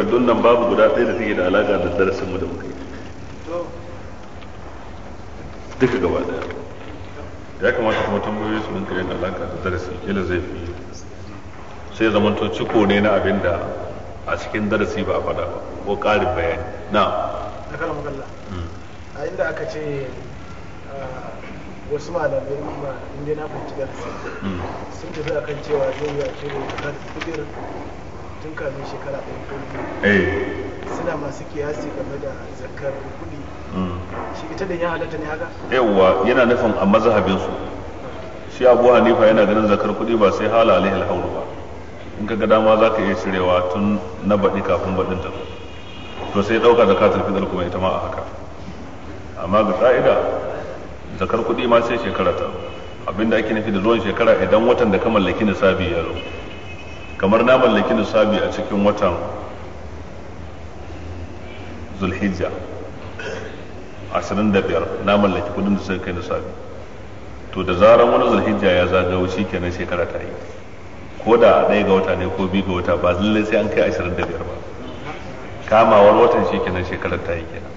takardun nan babu guda ɗaya da take da alaka da darasin mu da muka yi duka gaba ɗaya ya kamata kuma tambayoyi su dinka da alaka da darasin kila zai fi sai to ciko ne na abin da a cikin darasi ba a faɗa ba ko ƙarin bayani na takala galla hmm. a inda aka ce wasu malamai ma inda na fahimci darasi hmm. sun tafi akan cewa zai yi a shirin da kudir tun kamin shekara ɗaya ko eh. suna masu kiyasi game da zakar kuɗi mm. shi ita da ya halatta ne haka yawwa yana nufin a mazhabin su shi abu hanifa yana ganin zakar kuɗi ba sai hala alaihi alhauru ba in ka ga dama za ka iya cirewa tun na baɗi kafin baɗin ta to sai ɗauka zakatul fitr kuma ita ma a haka amma ga ƙa'ida zakar kuɗi ma sai shekara ta abinda ake nufi da zuwan shekara idan watan da ka mallaki nisabi ya zo kamar na mallaki nisabi a cikin watan zulhijja 25 na mallaki kudin da suka kai nisabi to da zaran wani zulhijja ya zagawo shi kenan shekara ta yi ko da ɗaya ga wata ne ko biyu ga wata ba lallai sai an kai 25 ba kamawar watan shi kenan shekarar ta yi kenan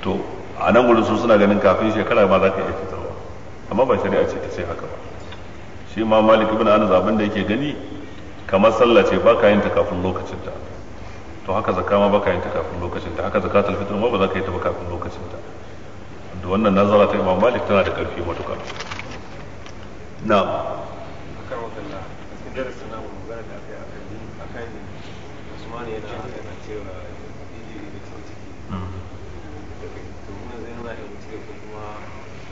to a nan gudun su suna ganin kafin shekara ma za ka iya fitarwa amma ba shari'a ce ta sai haka ba shi ma malik ibn anas abin da yake gani kamar sallah ce ba ka yin ta kafin lokacin ta to haka zakka ma ba ka yin ta kafin lokacin ta haka zakatul fitr ma ba za ka yi ta ba kafin lokacin ta da wannan nazara ta imam malik tana da karfi matuƙa na'am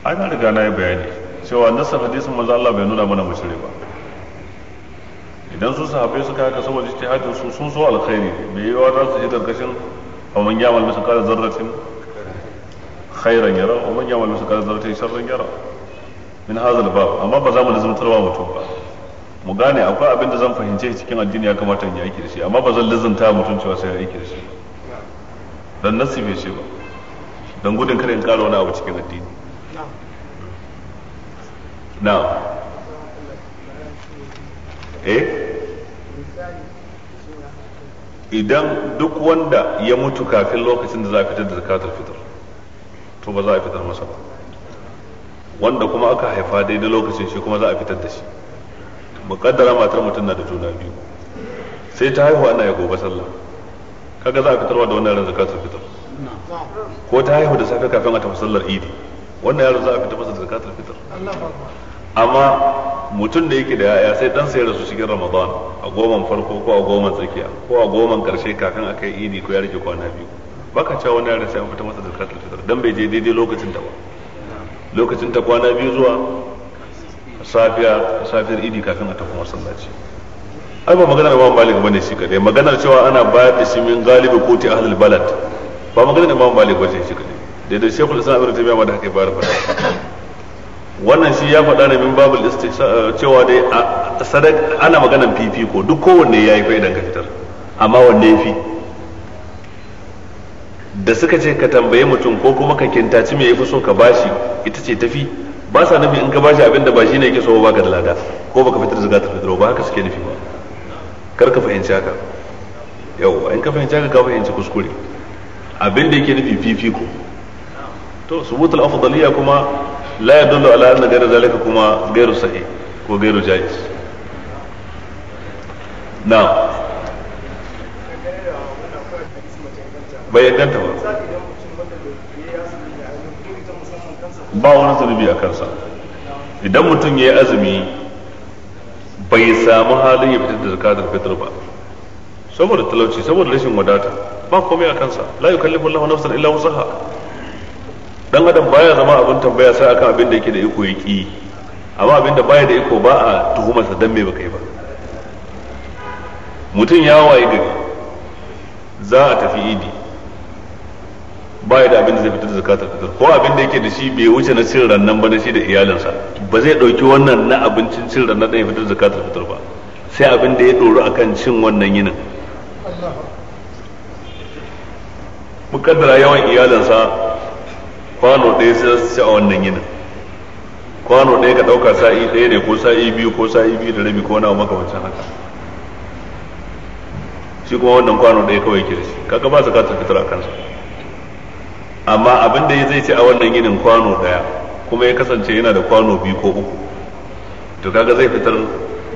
ana hmm. riga na yi bayani cewa nasa hadisin manzo Allah bai nuna mana mu ba idan su sahabbai suka haka saboda ijtihadin su sun so alkhairi mai yiwa za su shiga karkashin wa man yamal misqala zarratin khairan yara wa man yamal misqala zarratin sharran yara min hadha al-bab amma ba za mu lazumtarwa mutum ba mu gane akwai abin da zan fahimce cikin addini ya kamata in yi aiki da shi amma ba zan lazumta mutum cewa sai ya aiki da shi dan nasi bai ce ba dan gudun kada in kara wani abu cikin addini نعم ايه eh? idan duk wanda ya mutu kafin lokacin da za a fitar da zakatul fitr to ba za a fitar masa ba wanda kuma aka haifa daidai lokacin shi kuma za a fitar da shi muƙaddara matar mutum na da juna biyu sai ta haihu ana ya gobe sallah kaga za a fitarwa da wannan ran zakatul fitr ko ta haihu da safe kafin a tafi sallar idi wannan yaro za a fita masa zakatul fitr amma mutum da yake da yaya sai dan sai rasu cikin ramadan a goman farko ko a goman tsakiya ko a goman karshe kafin a kai idi ko ya rike kwana biyu baka cewa wani yaro sai an fita masa zakatul fitr dan bai je daidai lokacin ta ba lokacin ta kwana biyu zuwa safiya safiyar idi kafin a tafi masallaci ai ba maganar imam malik bane shi kadai maganar cewa ana bayar da shi min galibi koti ahlul balad ba maganar imam malik bane shi kadai daidai shekul islam ta biya ma da haka bayar fata wannan shi ya faɗa ne min babul cewa dai sadaka ana maganan fifiko duk kowanne yayi fa idan ka fitar amma wanne fi da suka ce ka tambaye mutum ko kuma ka kintaci me yafi so ka bashi ita ce tafi ba sa nufi in ka bashi abin da ba shi ne yake so ba ka da lada ko baka fitar zakatul fitr ba haka suke nufi ba kar ka fahimci haka yau in ka fahimci haka ka fahimci kuskure abin da yake nufi fifiko to subutul afdaliyya kuma la yadullu ala anna ghayra zalika kuma ghayru sahih ko ghayru jaiz na'am bai yadda ba ba wani zunubi a kansa idan mutum ya yi azumi bai samu halin ya fitar da zakatul fitr ba saboda talauci saboda rashin wadata ba komai a kansa la yukallifu Allahu nafsan illa wusaha dan adam baya zama abin tambaya sai akan abin da yake da iko yake amma abin da baya da iko ba a tuhuma sa dan me baka yi ba mutum ya waye gari za a tafi idi baya da abin da zai fitar da zakatul ko abin da yake da shi bai wuce na cin rannan ba na shi da iyalinsa ba zai dauki wannan na abincin cin rannan da ya fitar da zakatul ba sai abin da ya doru akan cin wannan yinin mukaddara yawan iyalinsa kwano ɗaya sai su ci a wannan yinin kwano ɗaya ka ɗauka sa'i ɗaya ne ko sa'i biyu ko sa'i biyu da rabi ko wani maka wancan haka shi kuma wannan kwano ɗaya kawai ke da shi kaga ba su kasa fitar a kansa amma abin da zai ci a wannan yinin kwano ɗaya kuma ya kasance yana da kwano biyu ko uku to kaga zai fitar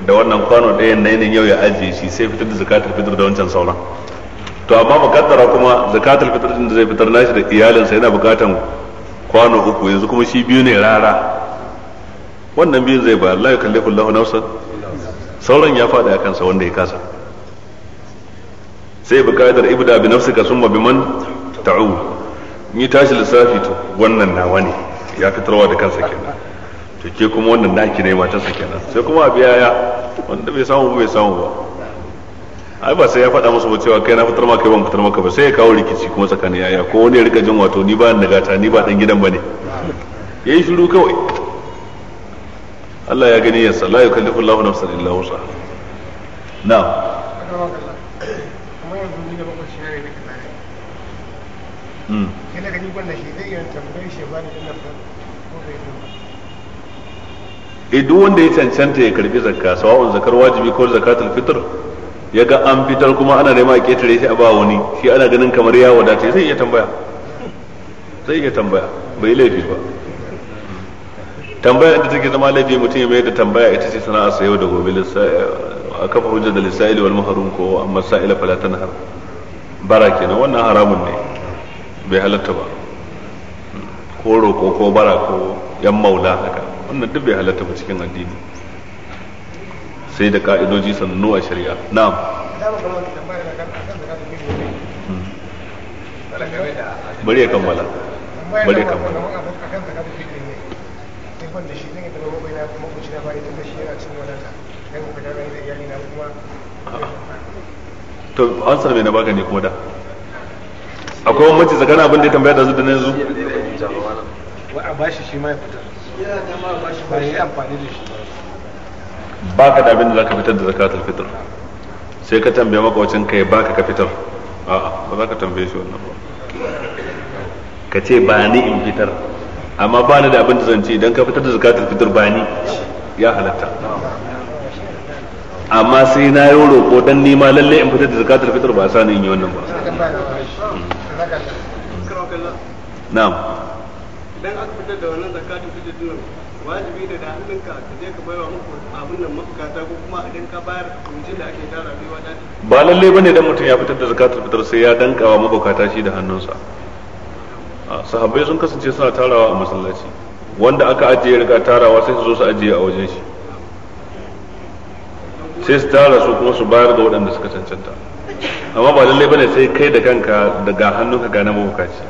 da wannan kwano ɗayan na yinin yau ya ajiye shi sai fitar da zakatar fitar da wancan sauran to amma bukatar kuma zakatar fitar da zai fitar nashi da iyalinsa yana bukatan kwano uku yanzu kuma shi biyu ne rara wannan biyun zai bayar kalli kullum na wasan sauran ya faɗi a kansa wanda ya kasa sai bi ka'idar ibda bi nafsika summa bi man ta'u ni tashi lissafi to wannan nawa ne ya fitarwa da kansa kenan to ke kuma wannan naki ne matarsa kenan sai kuma a biya ya wanda bai samu bai samu ba ai ba sai ya faɗa musu ba cewa kai na fitar maka ban fitar maka ba sai ya kawo rikici kuma tsakanin yaya ko wani ya rika jin wato ni ba nagata ni ba dan gidan bane yayi shiru kawai Allah ya gani ya la yukallifu Allahu nafsan illa wusa na'am yana hmm. gani wannan shi zai iya tambayar shi ba ni da ko bai ba e duk wanda ya cancanta ya karbi zakka sawa'un zakar wajibi ko zakatul fitr ya ga an fitar kuma ana nema a ketare shi a ba wani shi ana ganin kamar ya wadace zai iya tambaya zai iya tambaya bai laifi ba tambaya inda take zama laifi mutum ya mai da tambaya ita ce sana'a sa yau da gobe a kafa hujjar da lissa wal maharum ko amma sa'ila fala har bara kenan wannan haramun ne bai halatta ba ko roko ko bara ko yan maula haka wannan duk bai halatta ba cikin addini sai da ka'idoji sannu a shari'a na'am hmm. bari ya kammala bari ya kammala ah. to an sami na baka ne kuma da akwai wani mace tsakanin abin da ya tambaya da su da na yanzu a bashi shi ma ya fita da ma a bashi ba ya amfani da shi ba ka da abin da za ka fitar da zakatul fitr sai ka tambaye makwacin ka ya baka ka fitar a'a ba za ka tambaye shi wannan ba ka ce ba ni in fitar amma ba ni da abin da zan ce idan ka fitar da zakatul fitr ba ni ya halatta amma sai na yi roƙo dan nima lalle in fitar da zakatul fitr ba sani in yi wannan ba na'am idan aka fitar da wannan zakatul fitr din wajibi da da hannunka ka je ka baiwa muku abin nan mabukata ko kuma idan ka bayar kuncin da ake tara bai wada ba lalle bane dan mutum ya fitar da zakatul fitar sai ya wa mabukata shi da hannunsa sahabbai sun kasance suna tarawa a masallaci wanda aka ajiye riga tarawa sai su zo su ajiye a wajen shi sai su tara su kuma su bayar ga waɗanda suka cancanta amma ba lalle bane sai kai da kanka daga hannunka ga na mabukaci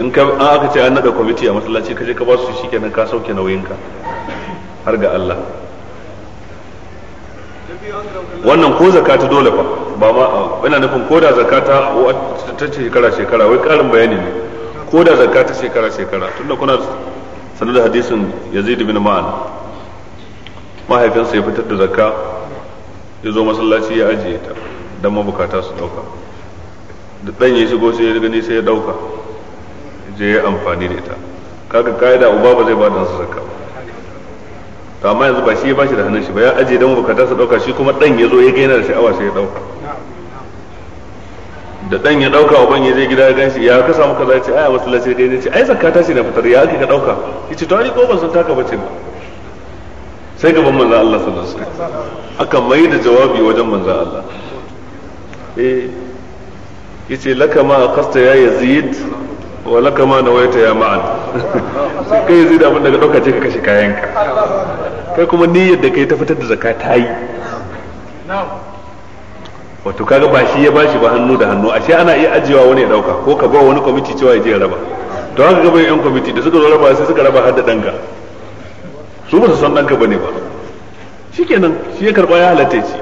in ka an aka ce an nada kwamiti a masallaci ka je ka ba su kenan ka sauke nauyinka har ga Allah wannan ko zakata dole fa ba ma ina nufin ko da zakata ta shekara shekara wai karin bayani ne ko da zakata shekara shekara tunda kuna sanar da hadisin Yazid bin Ma'an mahaifinsa ya fitar da zakka ya zo masallaci ya ajiye ta don mabukata su dauka da ɗan ya shigo sai ya gani sai ya dauka je ya amfani da ita kaga kaida uba ba zai ba da zakka ba to amma yanzu ba shi ya bashi da hannun shi ba ya aje dan ka sa dauka shi kuma dan ya zo ya gaina da sha'awa sai ya dauka da dan ya dauka uban ya je gida ya ganshi ya ka samu kaza ya ce ai wasu lace dai ne ce ai zakka ta ce na fitar ya ake ka dauka yace to ai ko ban san taka bace ba sai gaban manzon Allah sallallahu alaihi wasallam aka mai da jawabi wajen manzon Allah eh yace laka ma qasta ya yazid wala kama na waita ya ma'an sai kai yanzu da abin daga ɗauka ce ka kashe kayanka kai kuma niyyar da kai ta fitar da zaka ta yi wato kaga ba shi ya bashi ba hannu da hannu ashe ana iya ajiyewa wani ya ɗauka ko ka ba wani kwamiti cewa ya je ya raba to haka gaba yan kwamiti da suka raba sai suka raba har da ɗanka su ba su san ba ne ba shikenan shi ya karɓa ya halatta shi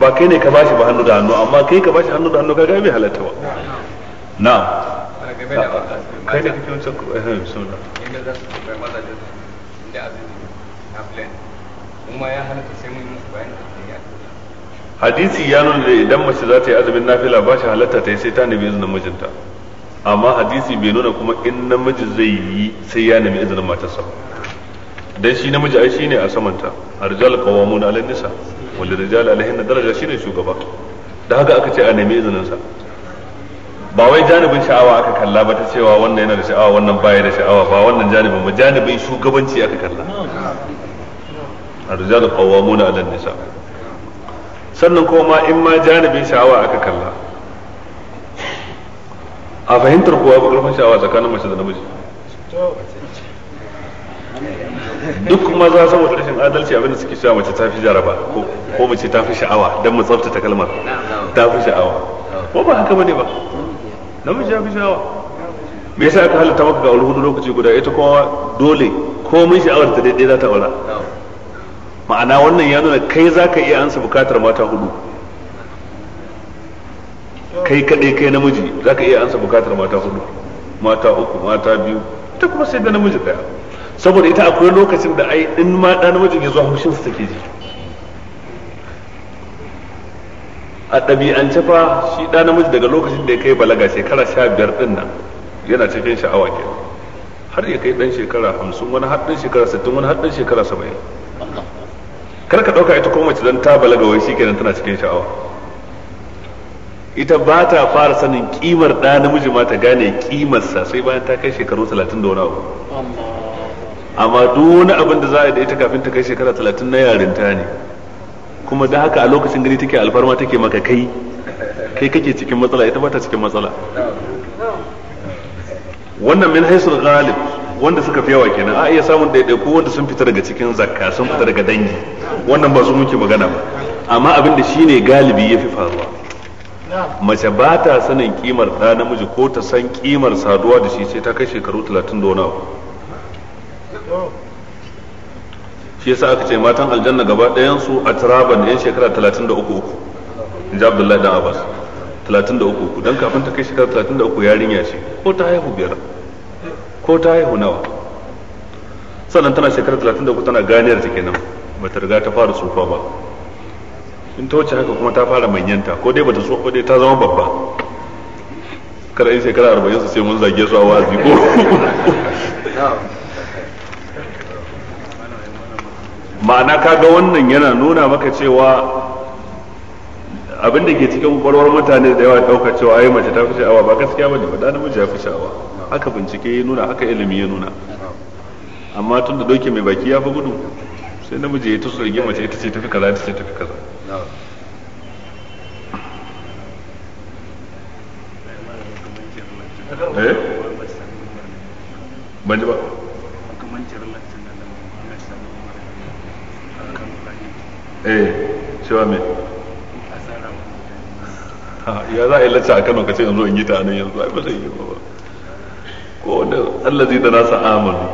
ba kai ne ka bashi ba hannu da hannu amma kai ka bashi hannu da hannu kaga bai halatta ba na'am kai da kake wancan eh, eh, suna inda za su kuma ya hadisi ya nuna da idan mace za ta yi azumin nafila ba shi halatta ta yi sai ta nemi izinin mijinta amma hadisi bai nuna kuma in namiji zai yi sai ya nemi izinin matarsa dan shi namiji ai shine a samanta arjal qawamun ala nisa wal rijal alaihin daraja shine shugaba da haka aka ce a nemi izinin sa ba wai janibin sha'awa aka kalla ba ta cewa wannan yana da sha'awa wannan baya da sha'awa ba wannan janibin ba janibin shugabanci aka kalla ar-rijalu qawwamuna 'ala nisa sannan kuma in ma janibin sha'awa aka kalla a fahimtar kuwa ba karfin sha'awa tsakanin mace da namiji duk maza saboda rashin adalci abinda suke sha mace ta fi jaraba ko mace ta fi sha'awa don mu tsabtata kalmar ta fi sha'awa ko ba haka bane ba namiji ya fi sha'awa me yasa aka halatta maka ga alhudu lokaci guda ita kuma dole mun sha'awar ta daidai za ta aura ma'ana wannan ya nuna kai za ka iya ansa bukatar mata hudu kai kaɗai kai namiji za ka iya ansa bukatar mata hudu mata uku mata biyu ta kuma sai da namiji ɗaya. saboda ita akwai lokacin da ai in ma ɗan namiji ya zo hushinsa take ji a ɗabi'ance fa shi ɗa namiji daga lokacin da ya kai balaga shekara sha biyar ɗin nan yana cikin sha'awa ke har ya kai ɗan shekara hamsin wani har ɗan shekara sittin wani har ɗan shekara saba'in kar ka ɗauka ita ko mace don ta balaga wai shikenan tana cikin sha'awa ita ba ta fara sanin kimar ɗa namiji ma ta gane kimarsa sai bayan ta kai shekaru talatin da wani abu amma duk wani abin da za a yi da ita kafin ta kai shekara talatin na yarinta ne kuma da haka a lokacin gani take alfarma take maka kai kai kake cikin matsala ita bata cikin matsala wannan min haisul ghalib wanda suka fi yawa kenan a iya samun ko wanda sun fita daga cikin zakka sun fita daga dangi wannan ba su muke magana ba amma abin da shine galibi yafi faruwa mace ba ta sanin kimar ta namiji ko ta san kimar saduwa da shi sai ta kai shekaru talatin da wani abu shi yasa aka ce matan aljanna gaba ɗayan su a turaban yan shekara 33 uku in ji abdullahi dan abbas 33 uku kafin ta kai shekara 33 yarinya ce ko ta haihu biyar ko ta haihu nawa sannan tana shekara 33 tana ganiyar ta kenan ba ta riga ta fara tsufa ba in ta wuce haka kuma ta fara manyanta ko dai bata tsufa dai ta zama babba kada in shekara 40 su sai mun zage su a wazi ko ma'ana kaga wannan yana nuna maka cewa abin da ke cikin kwakwalwar mutane da yawa ɗauka cewa ai mace ta fi sha'awa ba gaskiya bane ba da mace ya fi sha'awa haka bincike ya nuna haka ilimi ya nuna amma tun da doke mai baki ya fi gudu sai namiji ya tusu rigi mace ita ce tafi kaza ita ce tafi kaza eh ban ji ba eh cewa me ya za a yi lacca a kano ka ce yanzu in yi ta nan yanzu ai ba zai yi ba ko wanda Allah zai da nasa amanu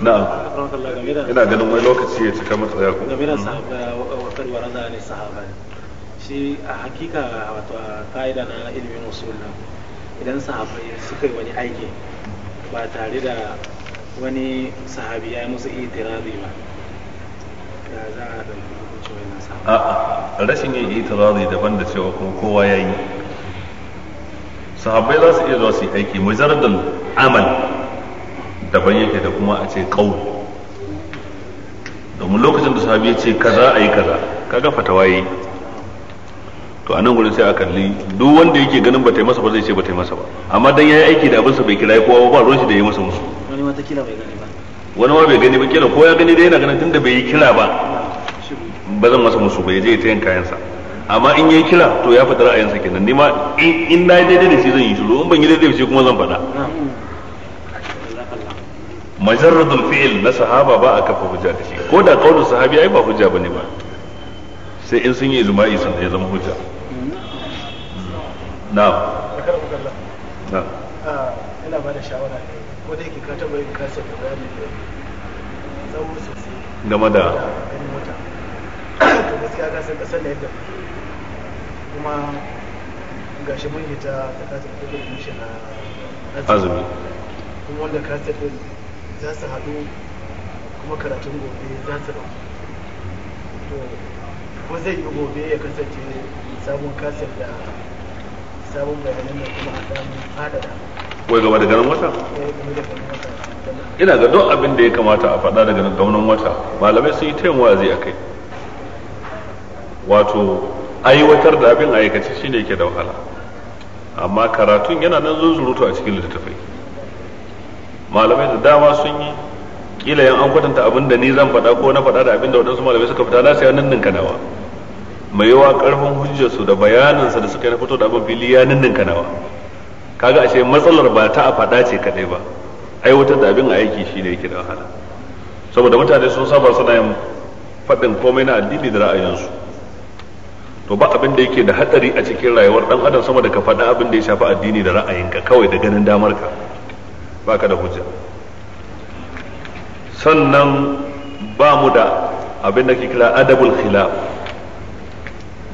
na'am ina ganin wani lokaci ya cika masa ya kuma game da sahaba wakar warada ne sahaba ne shi a hakika wato a fa'ida na ilimin usul idan sahabai suka yi wani aiki ba tare da wani sahabi ya yi musu itirazi ba ya za a ɗauki hukunci wannan a'a rashin yin itirazi daban da cewa kuma kowa ya yi sahabbai za su iya zuwa su yi aiki zarar amal daban yake da kuma a ce kawo domin lokacin da sahabi ya ce kaza ayi kaza kaga fatawa yi to anan gurin sai a kalli duk wanda yake ganin ba ta yi masa ba zai ce ba ta yi masa ba amma dan yayi aiki da abinsa bai kira kowa ba ruwan shi da ya masa musu wani ma kila bai gani ba wani ma bai gani ba kila ko ya gani da yana ganin tunda bai yi kira ba ba zan masa musu ba ya je ta yin kayansa amma in yayi kira to ya fita ra'ayinsa kenan ni ma in na daidai da shi zan yi shiru in ban yi daidai da shi kuma zan faɗa majarradul fi'il na sahaba ba a kafa hujja da shi ko da kaulin sahabi ai ba hujja bane ba sai in sun yi ijma'i sun zama hujja na'am na'am ah, ina ba da shawara ne ko da yake ka taba yin kasa da bayani da tsawo sosai game da ganin wata to gaskiya ka san kasar da yadda kuma gashi mun hita ta kasa da kudin shi na azumi kuma wanda kasa din za su haɗu kuma karatun gobe za su ɗauki to ko zai yi gobe ya kasance sabon kasar da wai gaba daga nan wata ina ga don abin da ya kamata a faɗa daga gaunan wata malamai sun yi tayin wazi a kai wato aiwatar da abin a shi ne ke da wahala amma karatun yana nan zuzurutu a cikin littattafai malamai da dama sun yi kila yan an kwatanta abin da ni zan faɗa ko na faɗa da abin da waɗansu malamai suka fita na sai nan ninka nawa mai yawa karfin hujjarsu da bayanansa da suka yi na fito da abin fili ya ninninka nawa kaga ashe matsalar ba ta a fada ce kadai ba aiwatar da abin aiki shi ne yake da wahala saboda mutane sun saba suna yin faɗin komai na addini da ra'ayinsu to ba abin da yake da hatsari a cikin rayuwar dan adam sama da ka faɗa abin da ya shafi addini da ra'ayinka kawai da ganin damar ka ba ka da hujja sannan ba mu da abin da ke kira adabul khilaf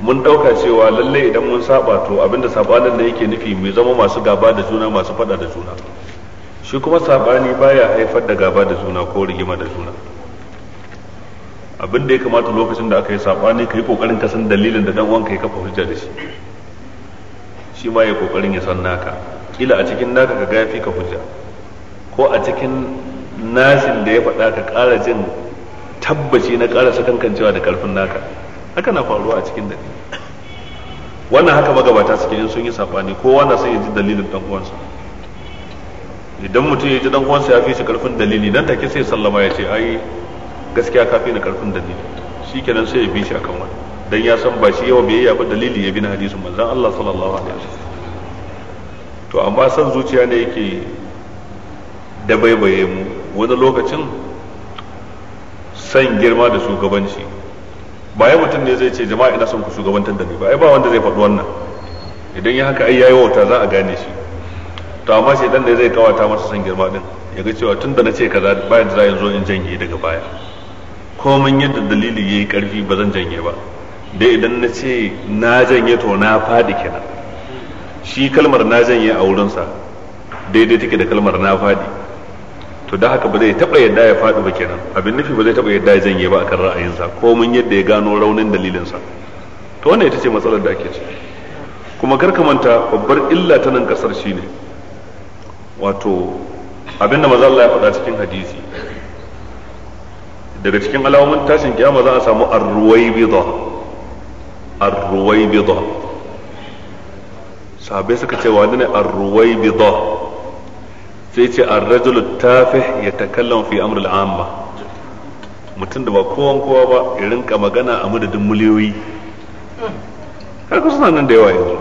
mun ɗauka cewa lalle idan mun saba to abinda sabanin da yake nufi mai zama masu gaba da juna masu fada da juna shi kuma sabani baya haifar da gaba da juna ko rigima da juna abinda ya kamata lokacin da aka yi sabani ka yi kokarin ka san dalilin da dan uwanka ya kafa hujja da shi shi ma ya kokarin ya san naka kila a cikin naka ka ga ka hujja ko a cikin nashin da ya faɗa ka ƙara jin tabbaci na ƙara sakankancewa da ƙarfin naka haka na faruwa a cikin dare wannan haka magabata suke yin sun yi sabani kowa na sai ya ji dalilin dan uwansa idan mutum ya ji dan uwansa ya fi shi karfin dalili nan take sai sallama ya ce ai gaskiya ka fi ni karfin dalili shikenan sai ya bi shi akan wani dan ya san ba shi yawa yi ba dalili ya bi na hadisin manzon Allah sallallahu alaihi wasallam to amma san zuciya ne yake da baibaye mu wani lokacin san girma da shugabanci ba ya mutum ne zai ce jama'a ina son ku shugabantar da ni ba ai ba wanda zai faɗi wannan idan ya haka ai yayi wauta za a gane shi to amma shi dan da zai kawata masa son girma din ya ga cewa tunda na ce kaza bayan da za zo in janye daga baya komai yadda dalili yayi karfi ba zan janye ba dai idan na ce na janye to na faɗi kenan shi kalmar na janye a wurinsa daidai take da kalmar na faɗi to da haka ba zai taɓa yadda ya faɗi ba kenan abin nufi ba zai taɓa yadda ya zanye ba akan ra'ayinsa ko mun yadda ya gano raunin dalilinsa to wannan ita ce matsalar da ake ciki kuma kar manta babbar illa ta nan kasar shine wato abin da maza Allah ya faɗa cikin hadisi daga cikin alamomin tashin kiyama za a samu arruwaibida arruwaibida sabai suka ce wani ne arruwaibida sai ce an rajulu tafih yatakallamu fi amr al-amma mutum da ba kowan kowa ba ya rinka magana a madadin miliyoyi har kusa suna nan da yawa yanzu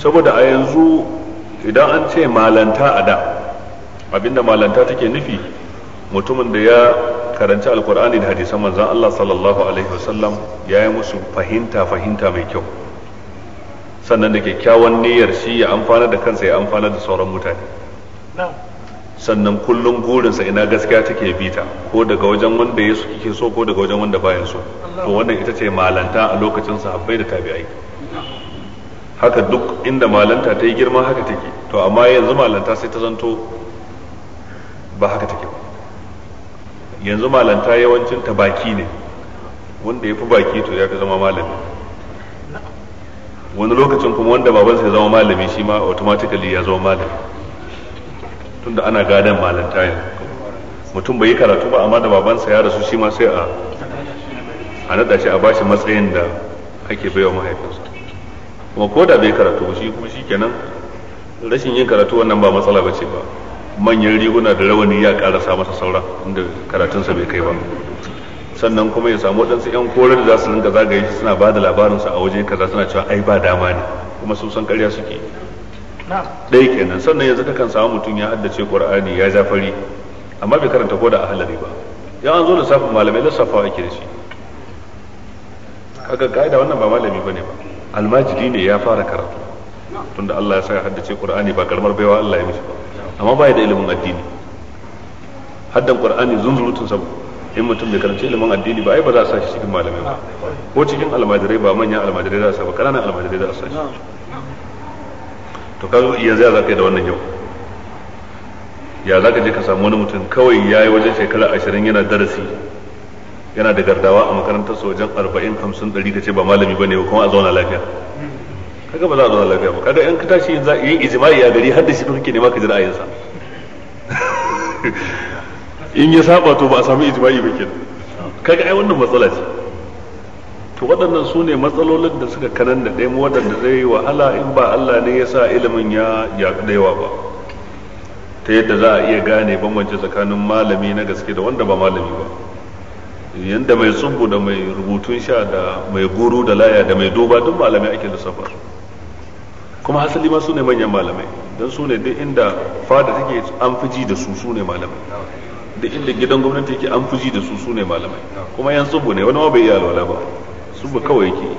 saboda a yanzu idan an ce malanta a da abinda malanta take nufi mutumin da ya karanci alkur'ani da hadisan manzan Allah sallallahu alaihi wasallam ya yi musu fahimta fahimta mai kyau sannan da kyakkyawan niyyar shi ya amfana da kansa ya amfana da sauran mutane sannan kullum gurinsa ina gaskiya take bita ko daga wajen wanda ya suke so ko daga wajen wanda bayan so to wannan ita ce malanta a lokacin sahabbai da tabi'ai haka duk inda malanta ta yi girma haka take to amma yanzu malanta sai ta zanto ba haka take ba yanzu malanta yawancin ta baki ne wanda ya fi baki to ya fi zama malami wani lokacin kuma wanda babansa ya zama malami shi ma automatically ya zama malami tunda ana gadon malanta mutum bai yi karatu ba amma da babansa ya rasu shi ma sai a a nada shi a bashi matsayin da ake baiwa mahaifinsa kuma ko da bai karatu shi kuma shi kenan rashin yin karatu wannan ba matsala ba ce ba manyan riguna da rawani ya karasa masa saura inda karatunsa bai kai ba sannan kuma ya samu waɗansu 'yan koren da za su rinka zagaye suna ba da labarinsa a waje kaza suna cewa ai ba dama ne kuma sun san karya suke ɗaya kenan sannan yanzu ka kan samu mutum ya haddace qur'ani ya zafari amma bai karanta ko da ahlari ba ya an zo da safin malamai lissafawa ake da shi kaga ka'ida wannan ba malami bane ba almajiri ne ya fara karatu tunda Allah ya sa haddace qur'ani ba karmar baiwa Allah ya mishi ba amma ba da ilimin addini haddan qur'ani zunzurutun sa in mutum bai karanci ilimin addini ba ai ba za a sa shi cikin malamai ba ko cikin almajirai ba manyan almajirai za a sa ba ƙananan almajirai za a sa shi to ka yanzu ya za ka yi da wannan yau ya za ka je ka samu wani mutum kawai ya yi wajen shekara ashirin yana darasi yana da gardawa a makarantar su wajen arba'in hamsin ɗari ka ce ba malami ba ne ba kuma a zauna lafiya kaga ba za a zauna lafiya ba kaga in ka tashi za yi ijma'i a gari har da shi kake nema ka ji ra'ayinsa in ya saba to ba a samu ijma'i ba kenan kaga ai wannan matsala ce to waɗannan su ne matsalolin da suka kanan da ɗaya waɗanda zai yi wahala in ba Allah ne ya sa ilimin ya yaɗu da yawa ba ta yadda za a iya gane bambance tsakanin malami na gaske da wanda ba malami ba yadda mai tsubbu da mai rubutun sha da mai guru da laya da mai duba duk malamai ake lissafa kuma hasali ma su ne manyan malamai don su ne duk inda fada take an fi ji da su su ne malamai duk inda gidan gwamnati yake an fi ji da su su ne malamai kuma yan tsubbu ne wani ma bai iya alwala ba su ba kawai yake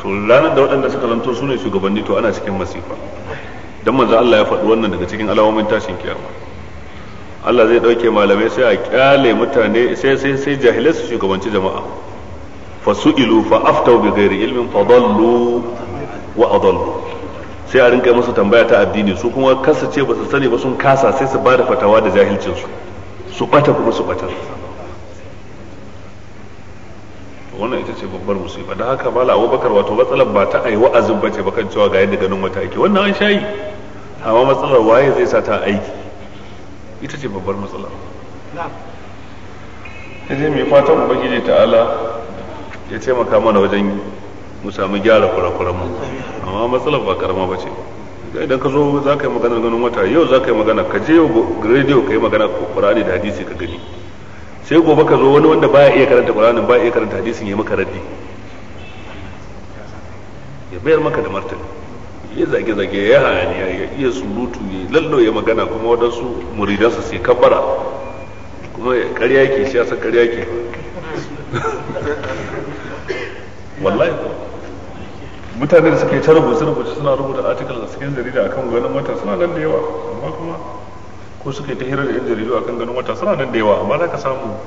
to ranar da waɗanda suka zanto su ne shugabanni to ana cikin masifa don manzo Allah ya faɗi wannan daga cikin alamomin tashin kiyama Allah zai ɗauke malamai sai a kyale mutane sai sai sai jahilai su shugabanci jama'a fasu'ilu fa aftau bi ghairi ilmin fa dallu wa adallu sai a rinka musu tambaya ta addini su kuma kasa ce ba su sani ba sun kasa sai su ba da fatawa da jahilcin su su kuma su bata wannan ita ce babbar musiba da haka mala abubakar wato matsalar ba ta yi wa'azin ba ce bakan cewa ga yadda ganin wata ake wannan an shayi amma matsalar waye zai sa ta aiki ita ce babbar matsalar ta je mai fatan ubangiji ta'ala ya taimaka mana wajen mu samu gyara kurakuran mu amma matsalar ba karama ba ce idan ka zo za ka yi magana ganin wata yau za ka yi magana ka je rediyo ka yi magana kurani da hadisi ka gani sai gobe ka zo wani wanda baya iya karanta qur'anin baya iya karanta hadisin ya maka raddi ya bayar maka da martani ya zage zage ya hayaniya ya iya surutu ya lallo ya magana kuma waɗansu muridansa sai kabbara kuma ƙarya yake shi yasa ƙarya yake wallahi mutane da suke ta rubuce rubuce suna rubuta article da cikin jarida akan ganin mata suna nan da yawa amma kuma ko suka yi ta hirar yan jaridu kan ganin wata suna nan da yawa amma za ka samu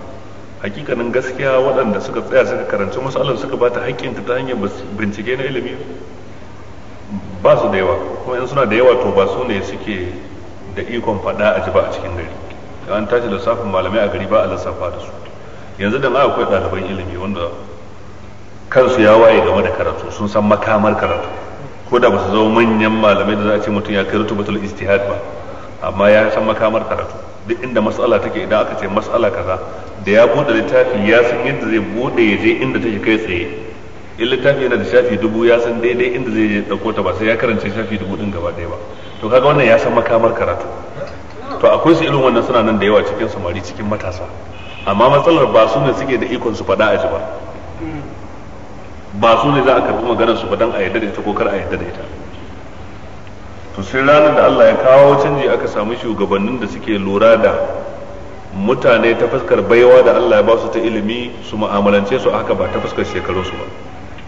hakikanin gaskiya waɗanda suka tsaya suka karanci matsalar suka ba ta haƙƙinta ta hanyar bincike na ilimi ba su da yawa kuma in suna da yawa to ba su ne suke da ikon faɗa a ji ba a cikin gari an tashi lissafin malamai a gari ba a lissafa da su yanzu da akwai ɗaliban ilimi wanda kansu ya waye game da karatu sun san makamar karatu ko da ba su zama manyan malamai da za a ce mutum ya kai rutubatul istihad ba amma ya san makamar karatu duk inda matsala take idan aka ce matsala kaza da ya bude littafi ya san yadda zai bude ya je inda take kai tsaye in littafi yana da shafi dubu ya san daidai inda zai je dauko ta ba sai ya karance shafi dubu din gaba daya ba to kaga wannan ya san makamar karatu to akwai su irin wannan suna nan da yawa cikin samari cikin matasa amma matsalar ba su ne suke da ikon su faɗa a ji ba ba su ne za a karɓi maganar su ba dan a yadda da ita ko kar a yadda da ita to sai ranar da Allah ya kawo canji aka samu shugabannin da suke lura da mutane ta fuskar baiwa da Allah ya ba su ta ilimi su mu'amalance su haka ba ta fuskar shekarun su ba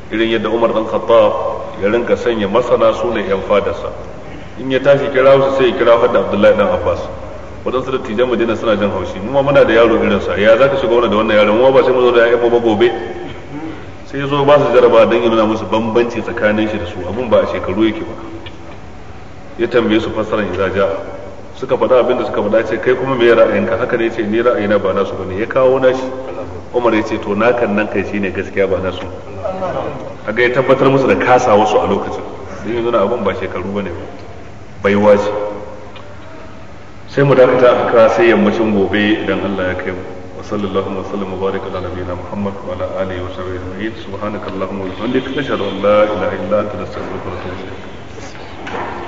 irin yadda Umar dan Khattab ya rinka sanya masana su ne yan fadarsa in ya tashi kira su sai ya kira hadda Abdullahi dan Abbas wadansu da tijan Madina suna jin haushi mu ma muna da yaro irin sa ya zaka shiga wannan da wannan yaron mu ba sai mu zo da ya ba gobe sai ya zo ba su jaraba don ya musu bambanci tsakanin shi da su abun ba a shekaru yake ba ya tambaye su fassarar idza ja suka faɗa abin da suka faɗa ce kai kuma me ra'ayinka haka ne ce ni ra'ayina ba nasu bane ya kawo nashi Umar ya ce to na kan nan kai shine gaskiya ba nasu ga ya tabbatar musu da kasa wasu a lokacin don yanzu na abin ba shekaru bane ba baiwa waje. sai mu dakata haka sai yammacin gobe idan Allah ya kai mu wa sallallahu وسلم وبارك على نبينا محمد وعلى Muhammad وصحبه اجمعين سبحانك اللهم وبحمدك اشهد ان لا اله الا انت la ilaha اليك